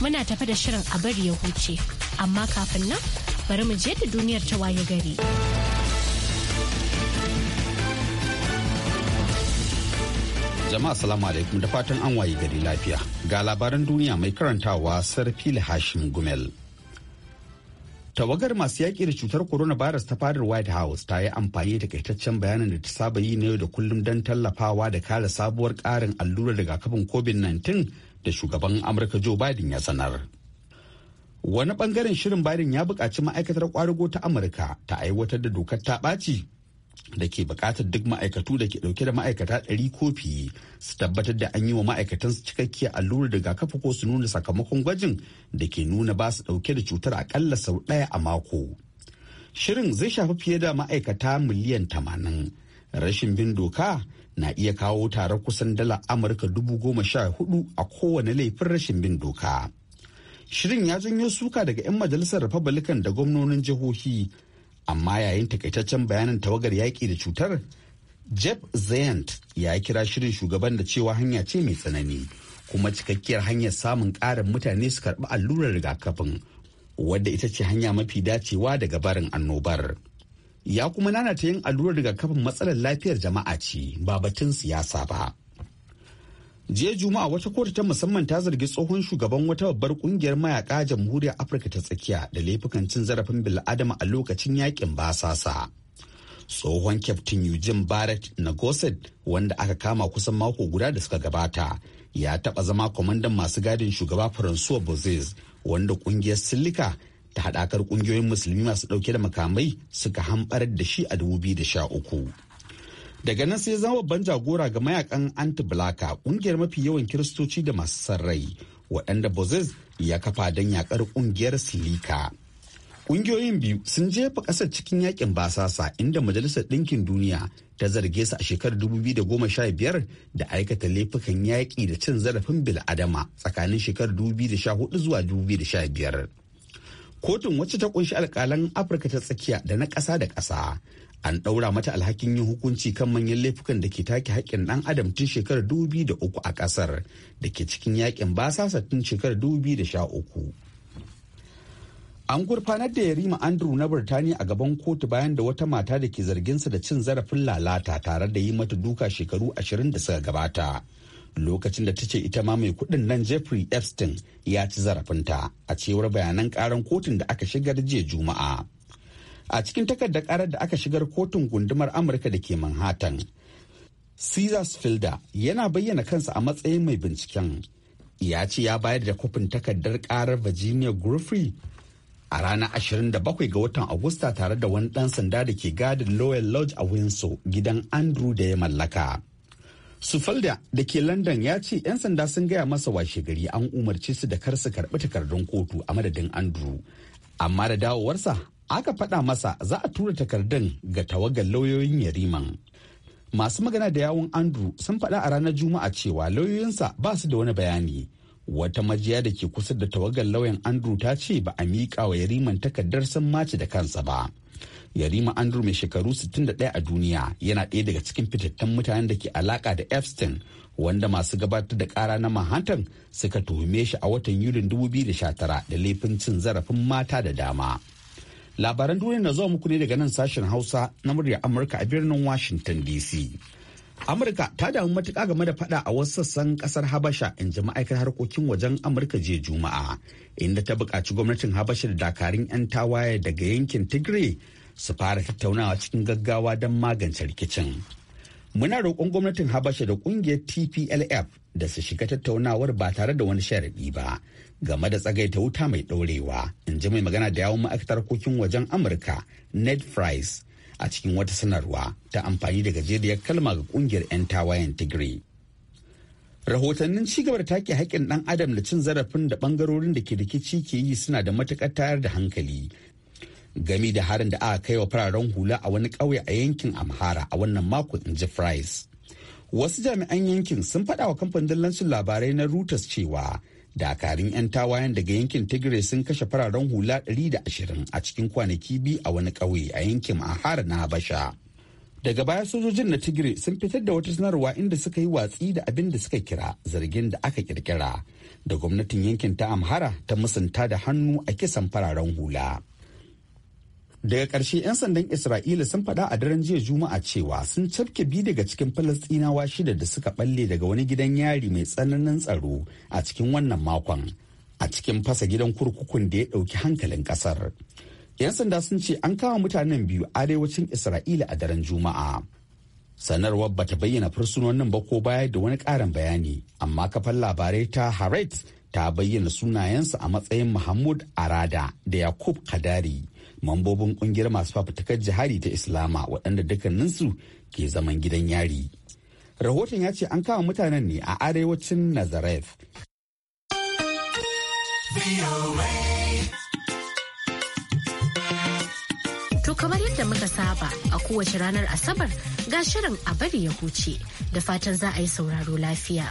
muna tafi da shirin a bari ya huce amma kafin nan bari mu je da duniyar ta waye gari. jama'a salamu alaikum da fatan an waye gari lafiya ga labaran duniya mai karantawa sarfil hashim gumel tawagar masu yaƙi da cutar corona virus ta fadar white house ta yi amfani da kaitaccen bayanin da ta saba yi na yau da kullum don tallafawa da kare sabuwar ƙarin allurar rigakafin covid-19 da shugaban amurka joe biden ya sanar wani bangaren shirin biden ya buƙaci ma'aikatar kwarigo ta amurka ta aiwatar da dokar ta ɓaci da ke buƙatar duk ma'aikatu da ke ɗauke da ma'aikata ɗari kofi su tabbatar da an yi wa ma'aikatan su cikakkiyar allurar rigakafi ko su nuna sakamakon gwajin da ke nuna ba su ɗauke da cutar aƙalla sau ɗaya a mako shirin zai shafi fiye da ma'aikata miliyan tamanin rashin bin doka na iya kawo tarar kusan dala amurka dubu goma sha hudu a kowane laifin rashin bin doka shirin ya janyo suka daga 'yan majalisar republican da gwamnonin jihohi amma yayin takaitaccen bayanin tawagar yaƙi da cutar jeff zayant ya kira shirin shugaban da cewa hanya ce mai tsanani kuma cikakkiyar hanyar samun ƙarin mutane su karɓi allurar rigakafin wadda ita ce hanya mafi dacewa daga barin annobar. ya kuma nanata yin allurar rigakafin matsalar lafiyar jama'a ce ba batun siyasa ba. jiya juma'a wata kotu ta musamman ta zargi tsohon shugaban wata babbar kungiyar mayaka jamhuriyar afirka ta tsakiya da laifukan cin zarafin bil'adama a lokacin yakin basasa tsohon kyaftin eugene barrett nagoset wanda aka kama kusan mako guda da suka gabata ya taba zama kwamandan masu gadin shugaba faransuwa bozes wanda kungiyar silika da haɗakar ƙungiyoyin musulmi masu ɗauke da makamai suka hambar da shi a 2013. Daga nan sai zama babban jagora ga mayakan anti ƙungiyar mafi yawan kiristoci da masu sarrai waɗanda Bozes ya kafa don yakar ƙungiyar Silika. Ƙungiyoyin biyu sun jefa ƙasar cikin yakin basasa inda Majalisar Ɗinkin Duniya ta zarge su a shekarar 2015 da aikata laifukan yaƙi da cin zarafin bil'adama tsakanin shekarar 2014 zuwa 2015. kotun wacce ta kunshi alkalan afirka ta tsakiya da na ƙasa da ƙasa an ɗaura mata alhakin yin hukunci kan manyan laifukan da ke take haƙƙin ɗan adam tun shekarar uku a ƙasar da ke cikin yakin basasa tun shekarar uku. an gurfanar da yarima andrew na birtaniya a gaban kotu bayan da wata mata da ke zarginsa da cin zarafin lalata tare da yi mata duka shekaru ashirin da suka gabata lokacin da ta ce ita ma mai kuɗin nan jeffrey epstein ya ci zarafinta a cewar bayanan karan kotun da aka shigar jiya juma'a a cikin takardar karar da aka shigar kotun gundumar amurka da ke manhattan caesars filda yana bayyana kansa a matsayin mai binciken ya ce ya bayar da kofin takardar karar virginia griffey a ranar 27 ga watan agusta tare da wani dan sanda da ke gadin lowell lodge a windsor gidan andrew da ya mallaka Sufalda da ke London ya ce 'yan sanda sun gaya masa washe gari an umarci su da kar su karɓi takardun kotu a madadin Andrew. Amma da dawowarsa aka faɗa masa za a tura takardun ga tawagar lauyoyin Yariman. Masu magana da yawun Andrew sun faɗa a ranar Juma'a cewa lauyoyinsa ba su da wani bayani. Wata majiya da ke kusa da tawagar lauyan Andrew ta ce ba a miƙa wa Yariman takardar sun mace da kansa ba. yarima andrew mai shekaru 61 a duniya yana ɗaya daga cikin fitattun mutanen da ke alaka da epstein wanda masu gabatar da kara na manhattan suka tuhume shi a watan yulin 2019 da laifin cin zarafin mata da dama labaran duniya na zuwa muku ne daga nan sashen hausa na muryar amurka a birnin washington dc amurka ta damu matuƙa game da fada a wasu sassan ƙasar habasha in ji ma'aikatar harkokin wajen amurka jiya juma'a inda ta buƙaci gwamnatin habasha da dakarun 'yan tawaye daga yankin tigray su fara tattaunawa cikin gaggawa don magance rikicin. Muna roƙon gwamnatin Habasha da ƙungiyar TPLF da su shiga tattaunawar ba tare da wani sharaɗi ba game da tsagaita wuta mai ɗorewa, in ji mai magana da yawon ma'aikatar kokin wajen Amurka, Ned Price, a cikin wata sanarwa ta amfani da gajeriyar kalma ga ƙungiyar 'yan tawayen Tigray. rahotannin cigaba da take haƙƙin ɗan adam da cin zarafin da ɓangarorin da ke rikici ke yi suna da matuƙar tayar da hankali game da harin da aka kai wa fararen hula a wani ƙauye a yankin amhara a wannan mako in ji price wasu jami'an yankin sun faɗa wa kamfanin dillancin labarai na reuters cewa dakarun 'yan tawayen daga yankin tigray sun kashe fararen hula 120 a cikin kwanaki biyu a wani ƙauye a yankin amhara na habasha daga baya sojojin na tigray sun fitar da wata sanarwa inda suka yi watsi da abin da suka kira zargin da aka kirkira da gwamnatin yankin ta amhara ta musanta da hannu a kisan fararen hula. daga ƙarshe 'yan sandan isra'ila sun faɗa a daren jiya juma'a cewa sun cafke bi daga cikin falastinawa shida da suka balle daga wani gidan yari mai tsananin tsaro a cikin wannan makon a cikin fasa gidan kurkukun da ya ɗauki hankalin ƙasar 'yan sanda sun ce an kama mutanen biyu arewacin isra'ila a daren juma'a sanarwar bata bayyana fursunonin ba ko baya da wani ƙarin bayani amma kafar labarai ta haret ta bayyana sunayensu a matsayin muhammad arada da yakub kadari mambobin kungiyar masu fafutukar jihari ta islama waɗanda dukkaninsu ke zaman gidan yari rahoton ya ce an kama mutanen ne a arewacin nazareth To kamar yadda muka saba a kowace ranar Asabar ga shirin a bari ya huce da fatan za a yi sauraro lafiya.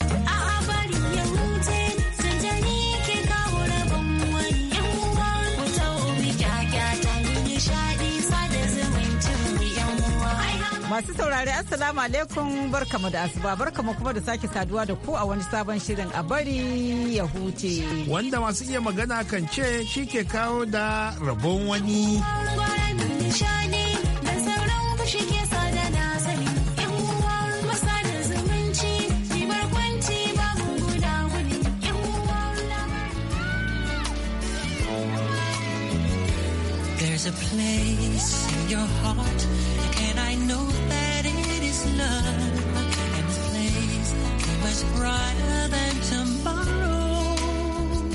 A bari ya huce. Masu saurari Assalamu alaikum barkamu da asuba barkamu kuma da sake saduwa da ku a wani sabon shirin a bari ya huce. Wanda masu iya magana kan ce shi ke kawo da rabon wani. There's a place in your heart brighter than tomorrow.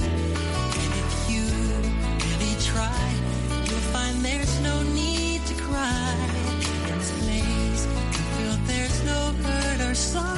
And if you really try, you'll find there's no need to cry. In this place, you feel there's no hurt or sorrow.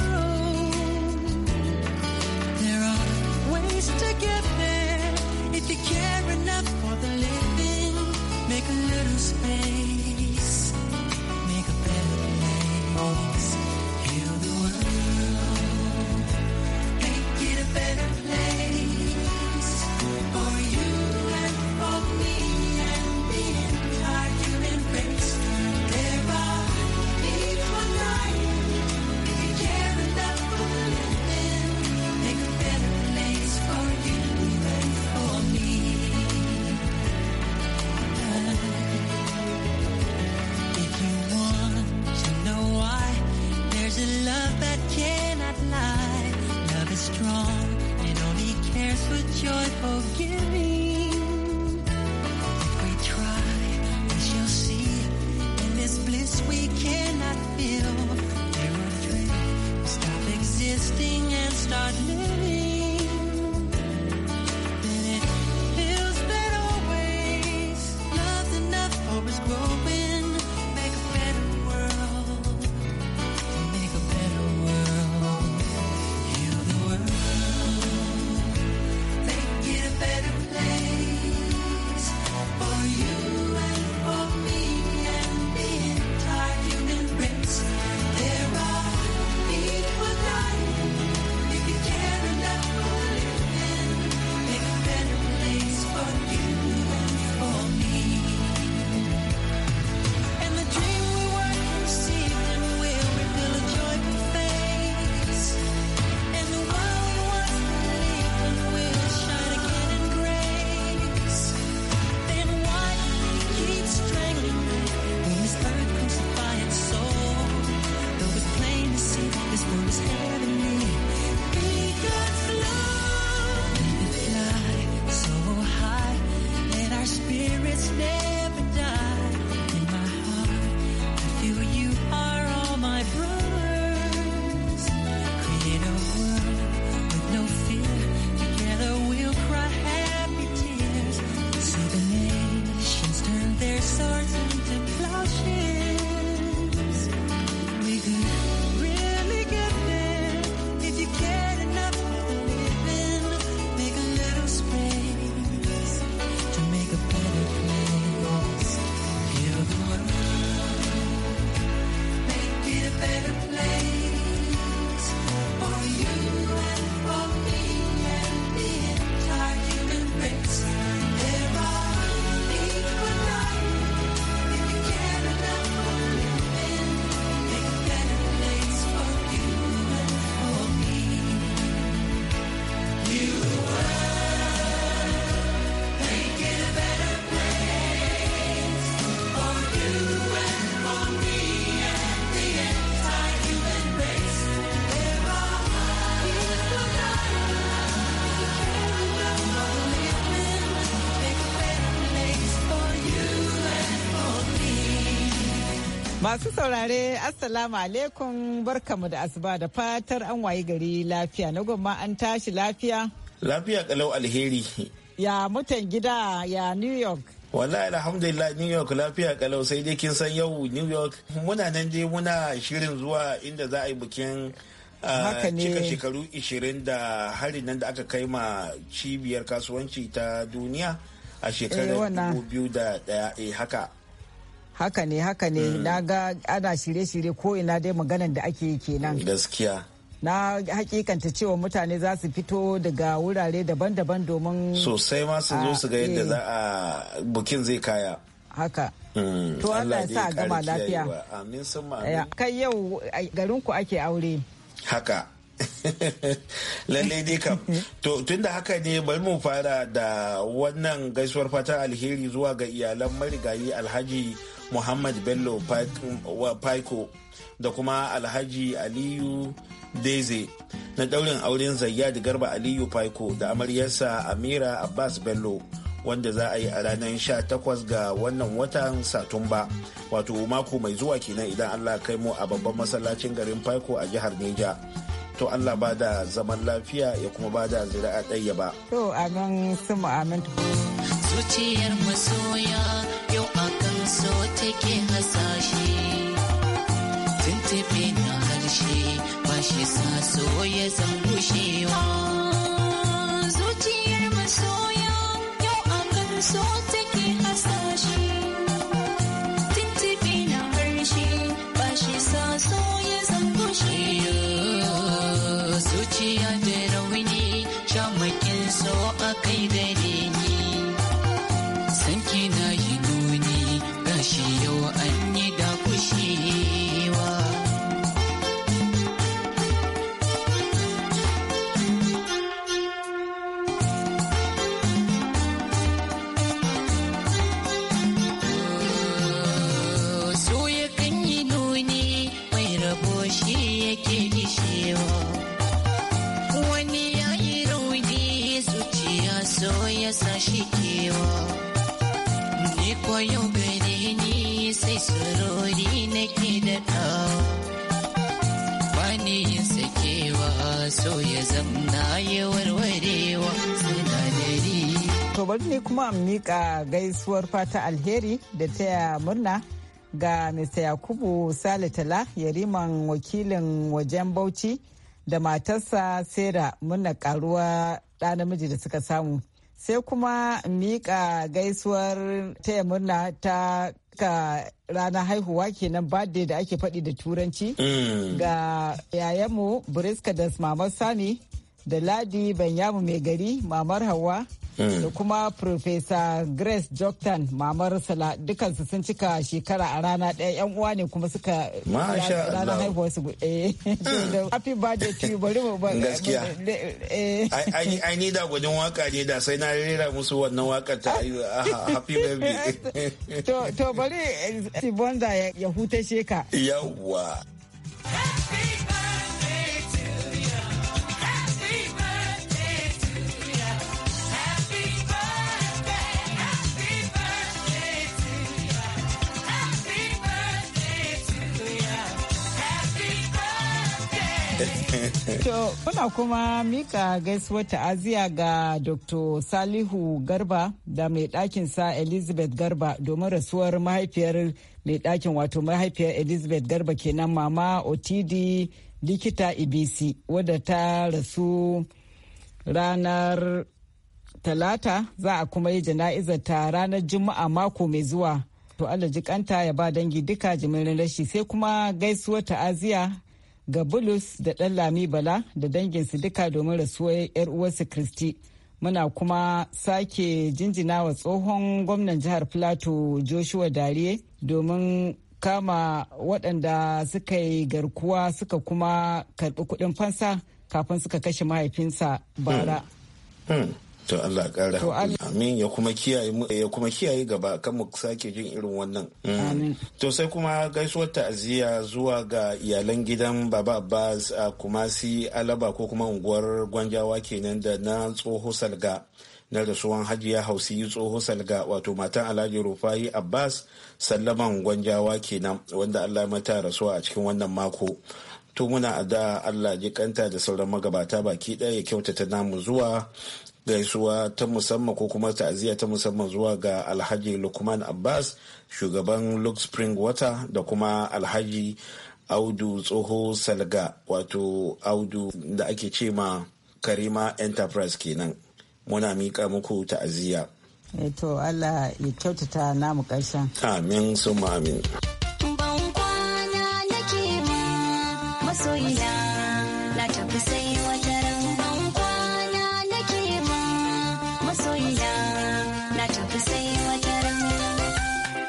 Hardly Masu saurare Assalamu alaikum barkamu da asuba da fatar an wayi gari lafiya na gwamma an tashi lafiya. Lafiya kalau alheri. Ya mutan gida ya New York. Wallahi alhamdulillah New York lafiya kalau sai dai kin san yau New York muna nan dai muna shirin zuwa inda za a yi bikin ah, cika shekaru 20 da hari nan da aka kai ma cibiyar kasuwanci ta duniya a eh, shekarar 2001 eh, haka. haka ne haka ne mm. na ga ana shirye-shirye ko ina dai maganan da ake yi kenan gaskiya na hakikanta cewa mutane za su fito daga wurare daban-daban domin sosai ma su zo su ga yadda eh. za a bukin zai kaya haka mm. to Allah sa gama lafiya amin. kai yau garin ku ake aure haka lallai dai kam to tunda haka ne bari mu fara da wannan gaisuwar fatan alheri zuwa ga iyalan marigayi alhaji muhammad bello paiko da kuma alhaji aliyu deze na daurin auren zayyad garba aliyu paiko da amaryarsa amira abbas bello wanda za a yi a ranar 18 ga wannan watan satumba wato mako mai zuwa kenan idan allah kai mu a babban masallacin garin paiko a jihar neja to allah ba da zaman lafiya ya kuma ba da zira'a ɗaya ba to sun mu aminta. zuciyar masoya yau akan so take hasashe tuntube na harshe ba shi sa so ya zan gushewa To bari ne kuma in miƙa gaisuwar fata alheri da taya murna ga Mr. Yakubu Salitala yariman wakilin wajen Bauchi da matarsa Sera murna karuwa ɗa namiji da suka samu. Sai kuma miƙa gaisuwar taya murna ta ka ranar haihuwa kenan birthday da ake faɗi da turanci mm. ga yayanmu Briska da Mamar Sani da ladi benyamu mai gari mamar hawa hmm. da kuma Profesa Grace Joktan mamar Sala dukansu sun cika shekara a rana ɗaya yan uwa ne kuma suka ranar haihuwar su eh hmm. happy birthday to you bari mu ba gaskiya eh. ai ni da gudun waka ne da sai na rera musu wannan waka ta ah, happy birthday to bari Sibonda ya hutashe ka yawwa To, kuna kuma mika gaisuwar ta'aziyya ga Dr. Salihu Garba da mai sa Elizabeth Garba domin rasuwar mahaifiyar mai ɗakin wato mahaifiyar Elizabeth Garba kenan mama Otidi likita ibc e wadda ta rasu ranar talata za a kuma yi jana'izar ta ranar juma'a mako mai zuwa to allah kanta ya ba dangi duka jimirin rashi sai kuma gaisuwar ta'aziya ga bulus da ɗanlami bala da danginsu duka domin rasuwar 'yar uwarsu kristi muna kuma sake jinjina wa tsohon gwamnan jihar plateau joshua dariye domin kama waɗanda suka yi garkuwa suka kuma karɓi kuɗin fansa kafin suka kashe mahaifinsa bara. Hmm. Hmm. to Allah kara amin ya kuma kiyaye ya kuma kiyaye gaba kan mu sake jin irin wannan mm. to sai kuma gaisuwar ta'aziyya zuwa ga iyalan gidan Baba Abbas a Kumasi Alaba ko kuma unguwar Gwanjawa kenan da na tsoho Salga na rasuwan hajiya hausi tsoho salga wato matan alhaji Rufai abbas sallaman gwanjawa kenan wanda allah mata rasuwa a cikin wannan mako to muna da allah ji kanta da sauran magabata baki ɗaya ya kyautata namu zuwa gaisuwa ta musamman ko kuma ta'aziyya ta musamman zuwa ga alhaji lukman abbas shugaban luke spring water da kuma alhaji audu tsoho salga wato audu da ake ce ma karima enterprise kenan muna miƙa muku ta'aziyya eh, to allah ya kyautata namu ƙarshen amin sun amin masoyina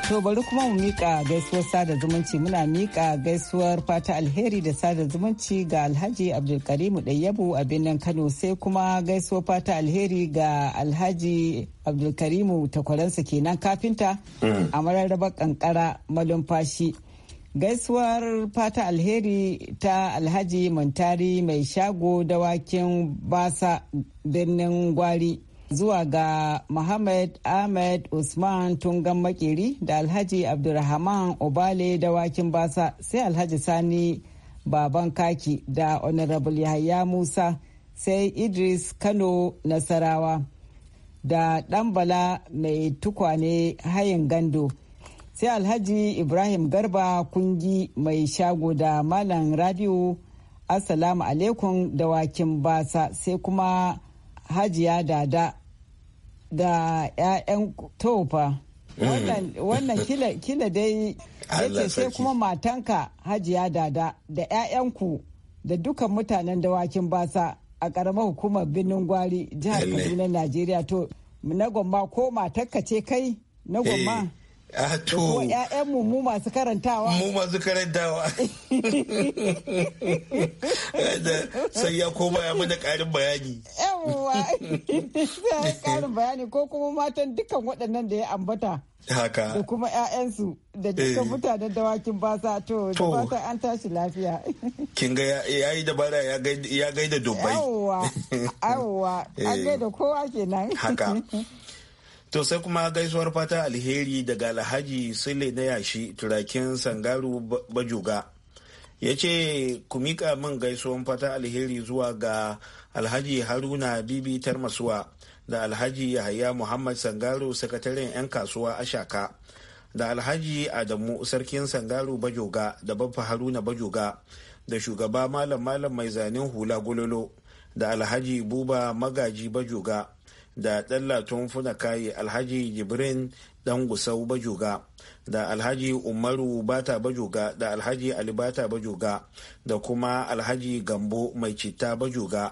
To bari kuma mu mika gaisuwar sada zumunci muna mika gaisuwar fata alheri da sada zumunci ga Alhaji Abdulkarimu Ɗayyabu a birnin Kano sai kuma gaisuwar fata alheri ga Alhaji Abdulkarimu takwaransa kenan kafinta mm. a mararraba kankara malumfashi. Gaisuwar fata alheri ta Alhaji Mantari mai shago dawakin basa birnin gwari zuwa ga Muhammad Ahmed Usman Tungan Makeri da Alhaji Abdulrahman Obale dawakin basa sai Alhaji Sani Baban Kaki da Honorable Yahaya Musa sai Idris Kano Nasarawa da Ɗanbala mai tukwane hayin gando. sai alhaji ibrahim garba kungi mai shago da malam radio assalamu alaikum da wakin basa sai kuma hajiya dada da 'ya'yan tofa eh. wannan kila dai yake sai kuma matanka hajiya dada da 'ya'yanku da dukan mutanen dawakin basa a ƙaramar hukumar birnin gwari jihar kaduna najeriya to na gwamma ko matarka ce kai na gwamma eh. Ah, to ƴaƴanmu mu masu karantawa mu masu karantawa sai ya koma ya mana ƙarin bayani yawwa ƙarin bayani ko kuma matan dukkan waɗannan da ya ambata haka da kuma ƴaƴansu da dukkan eh. mutanen dawakin sa to da sa an tashi lafiya kin ga ya yi dabara ya gaida dubbai yawwa yawwa an eh. gaida kowa kenan haka To sai kuma gaisuwar fata alheri daga Alhaji Sule na yashi turakin Sangaru Bajuga. Ya ce, ku miƙa min gaisuwar fata alheri zuwa ga Alhaji Haruna Bibi Tarmasuwa da Alhaji Yahaya Muhammad Sangaru sakataren 'yan kasuwa ashaka Da Alhaji Adamu Sarkin Sangaru Bajoga da Baffa Haruna Bajoga da shugaba Malam Malam mai zanen hula gololo da Alhaji Buba Magaji Bajoga da tun funa kayi alhaji jibrin dan gusau bajuga da alhaji umaru bata bajuga da alhaji ali bata bajuga da kuma alhaji gambo mai citta bajuga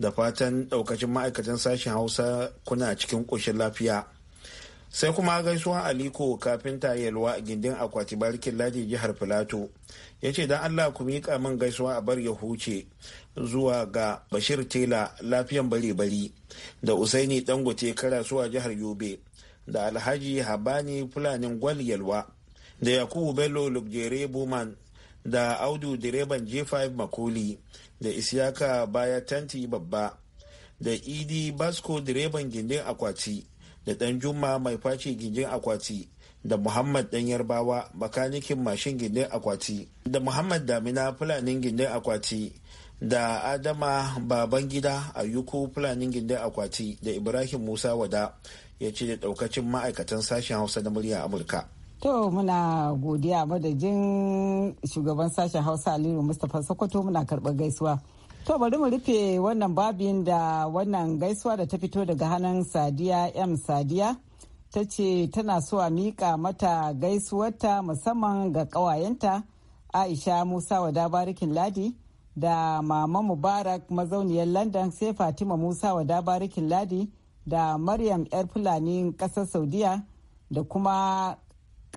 da fatan ɗaukacin ma'aikatan sashen hausa kuna cikin ƙoshin lafiya sai kuma gaisuwa aliko kafinta yalwa a gindin akwati barkin ladi jihar filato ya ce don allah ku miƙa min gaisuwa a bar ya huce zuwa ga bashir tela lafiyan bare bari da usaini dangote karasuwa jihar yobe da alhaji habani fulanin gwal yalwa da yakubu bello lugjere buman da audu direban j5 makoli da isyaka baya tanti babba da idi basco direban gindin akwati da dan juma mai face gingin akwati da muhammad dan yarbawa makanikin mashin gindin akwati da muhammad damina fulanin gindin akwati da adama baban gida yuku fulanin gindin akwati da ibrahim musa wada ya ce da daukacin ma'aikatan sashen hausa na murya amurka To muna godiya madajin shugaban sashen Hausa Aliyu Mustapha Sokoto muna karɓar gaisuwa. To bari mu rufe wannan babin da wannan gaisuwa da ta fito daga hannun Sadiya M Sadiya ta ce tana so a miƙa mata gaisuwarta musamman ga ƙawayenta Aisha Musa wa dabarikin Ladi da Mama Mubarak mazauniyar London sai Fatima Musa wa dabarikin Ladi da Maryam 'yar Fulani ƙasar Saudiya da kuma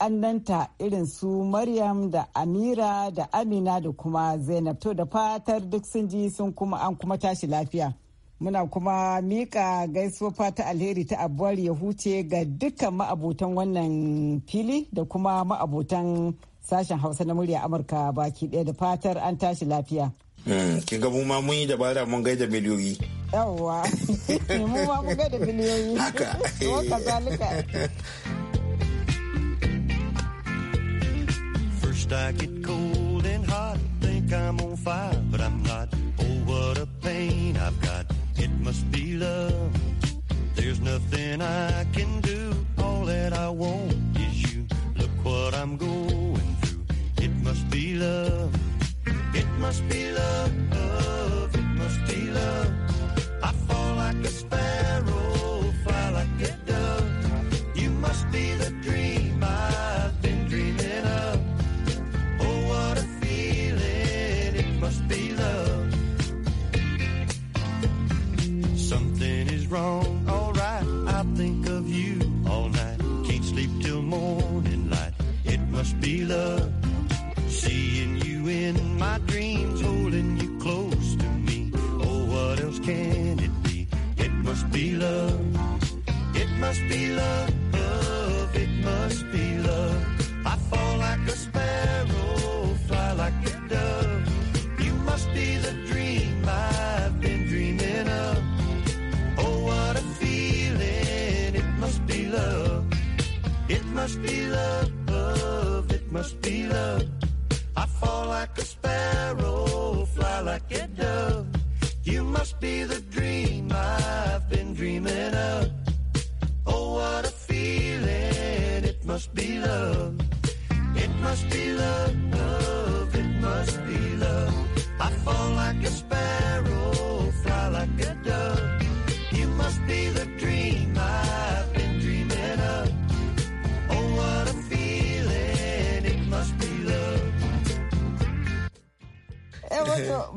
kannanta irin su Maryam da Amira da Amina da kuma Zainab to da fatar duk sun ji sun kuma an kuma tashi lafiya. Muna kuma mika gaisuwa fata alheri ta abuwar ya huce ga dukkan ma'abotan wannan fili da kuma ma'abotan sashen Hausa na murya Amurka baki ɗaya da fatar an tashi lafiya. Eh, ki ga mu ma mun yi dabara mun gaida miliyoyi yawwa mu ma mun gaida miliyoyi haka I get cold and hot, think I'm on fire, but I'm not. Oh, what a pain I've got. It must be love. There's nothing I can do. All that I want is you. Look what I'm going through. It must be love. It must be love. It must be love. I fall like a sparrow. more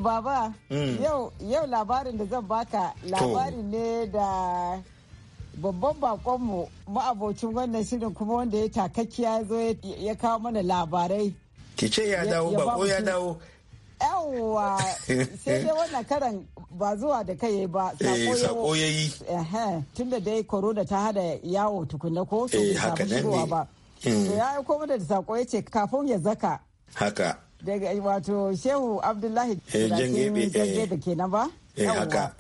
baba mm. yau labarin da zan baka labari ne da babban bakonmu ma'abocin wannan shirin kuma wanda ya takakkiya zo ya kawo mana labarai ki ce ya dawo bako ya dawo yawwa sai dai wannan karan ba zuwa da kai ba eh, sako ya yi tun da dai korona ta hada yawo tukunna ko su eh, ba mm. ya aiko mana da sako ya ce kafin ya zaka haka daga wato shehu abdullahi ke eh, eh. kenan ba eh, haka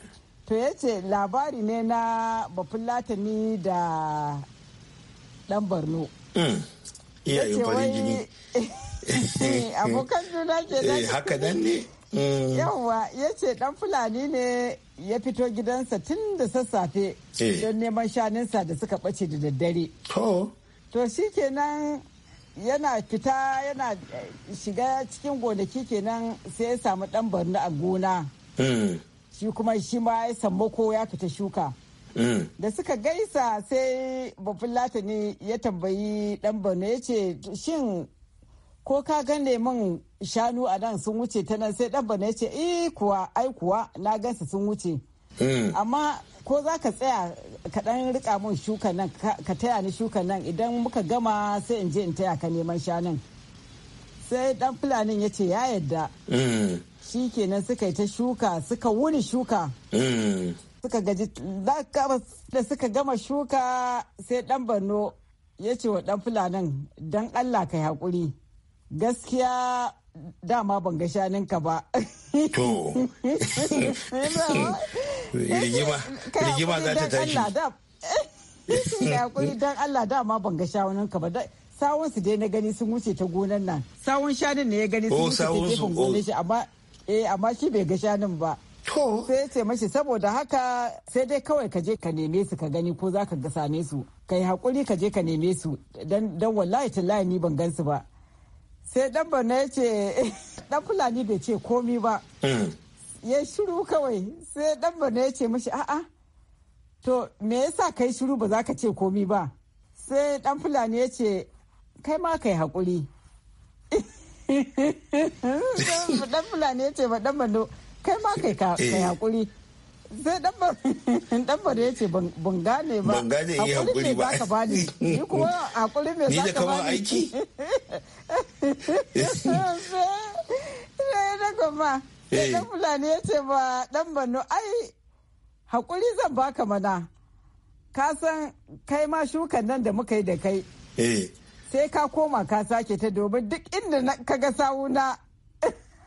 to ya ce labari ne na bafin latani da dan borno hmm. iyayen farin jini abokan juna ke haka nan ne hmm. yawwa ya ce dan fulani ne ya fito gidansa tun da sassafe don neman shanunsa da suka bace da daddare to shi kenan yana fita yana eh, shiga cikin gonaki kenan sai ya samu dan barna a gona mm. shi kuma shi ma ya ko ya fita shuka mm. da suka gaisa sai bafulata ne ya tambayi dan barna ya ce shin ko ka gane min shanu a nan sun wuce ta nan sai dan barna ya ce eh kuwa ai kuwa na gansa sun wuce mm. amma ko za ka tsaya ka dan rika mun shuka nan ka taya ni shuka nan idan muka gama sai in je in taya ka neman shanun sai dan fulanin ya ce ya yadda mm. shi kenan suka yi ta shuka suka wuni shuka mm. suka gaji da suka gama shuka sai dan barno ya ce wa dan fulanin dan allah ka haƙuri Gaskiya dama ban ga shaninka ba. To. Rigima za ta tashi. Ya kuri don Allah dama ban ga shaninka ba. Sawun su dai na gani sun wuce ta gonan nan. Sawun shanin ne ya gani sun oh, wuce ta gefen oh. gonan shi amma eh amma shi bai ga shanin ba. To. Sai ya ce mashi saboda haka sai dai kawai ka je ka neme su ka gani ko za ka same su. Ka yi haƙuri ka je ka neme su don wallahi tallahi ni ban gan su ba. sai dan bana ya ce dan fulani bai ce komi ba hmm. ya shiru kawai sai dan bana ya ce mashi a'a to me yasa kai shiru ba za ka ce komi ba sai dan fulani ya ce kai ma kai hakuri dan fulani ya ce ba dan bana kai ma kai eh. hakuri sai dabbar ya ce ban gane ba ban gane iya hakuri ba ka bani ni kuma hakuri me za ka bani aiki sai na goma sai eh. na fulani ya ce ba dan bano ai hakuri zan baka mana ka san kai ma shukan nan da muka yi da kai eh. sai ka koma ka sake ta domin duk inda ka ga sawuna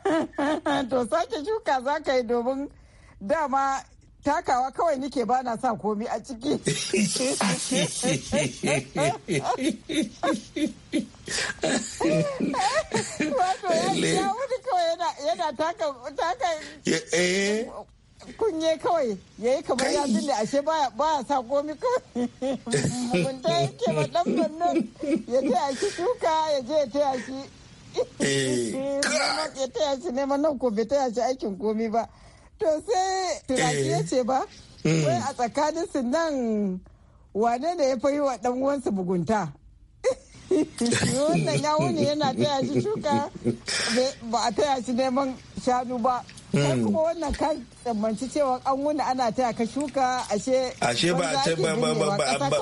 to sake shuka za ka yi domin dama takawa kawai nike ba na sa komi a ciki. Wato ya kawai yana taka eh. kunye kawai ya yi kamar ya ne ashe ba ya sa komi kawai mugunta yake ba dan bannan ya taya shi shuka ya je ya taya shi eh. ya taya shi neman nan ko bai taya shi aikin komi ba. to sai turaki eh. ce ba mm. a tsakanin nan wane ne ya fi wa dan uwansa bugunta wannan ya wuni yana taya shi shuka ba a taya shi neman shanu ba sai mm. kuma wannan ka tsammanci cewa an wuni ana taya ka shuka ashe ashe ba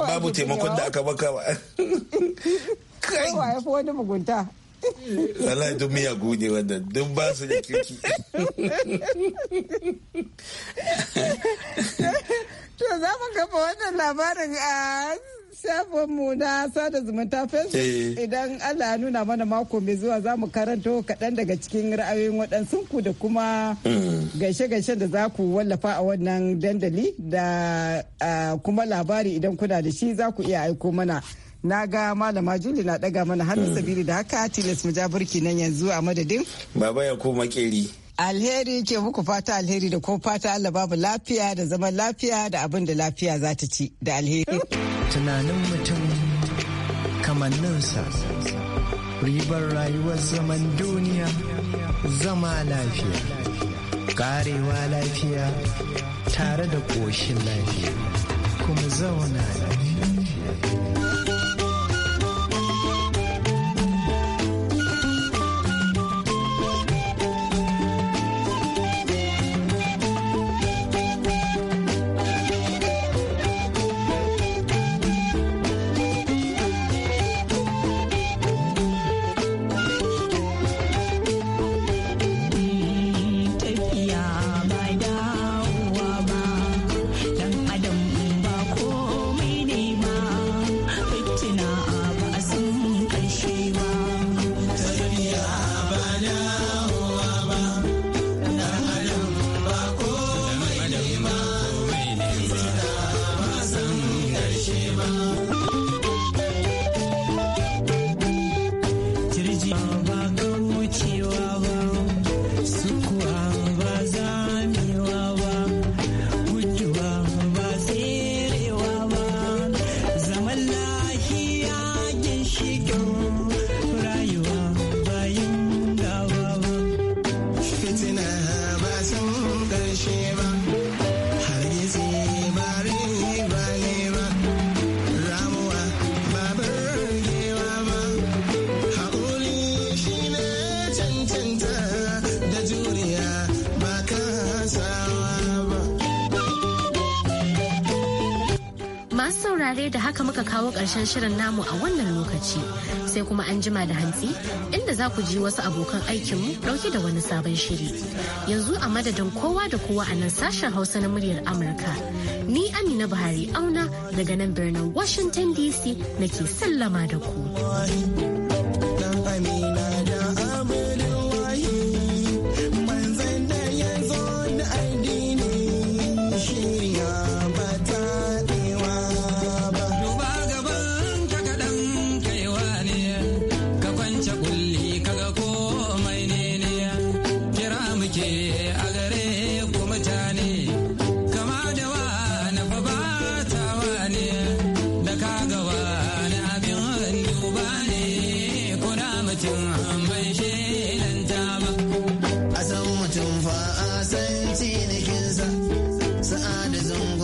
babu taimakon da aka baka ba kai wani mugunta wallahi duk miyagu ne wannan duk ba su da kirki to za mu kafa wannan labarin a mu na sada zumunta facebook eh. idan allah ya nuna mana mako mai zuwa za mu karanto kaɗan daga cikin ra'ayoyin waɗansu ku da kuma mm. gaishe-gaishe da za ku wallafa a wannan dandali da ah, kuma labari idan kuna da shi za ku iya aiko mana. na ga malama juli na daga mana hannun mm. sabili da haka tilas mu nan yanzu a madadin baba ya ko makeri alheri ke muku fata alheri da ko fata Allah babu lafiya da zaman lafiya da abin da lafiya za ta ci da alheri tunanin mutum kamanninsa ribar rayuwar zaman duniya zama lafiya karewa lafiya tare da ƙoshin lafiya kuma zauna lafiya da haka muka kawo ƙarshen shirin namu a wannan lokaci sai kuma an jima da hantsi inda za ku ji wasu abokan aikinmu ɗauke da wani sabon shiri. Yanzu a madadin kowa da kowa a nan sashen Hausa na muryar Amurka. Ni Amina Buhari auna daga nan birnin Washington DC nake sallama da ku.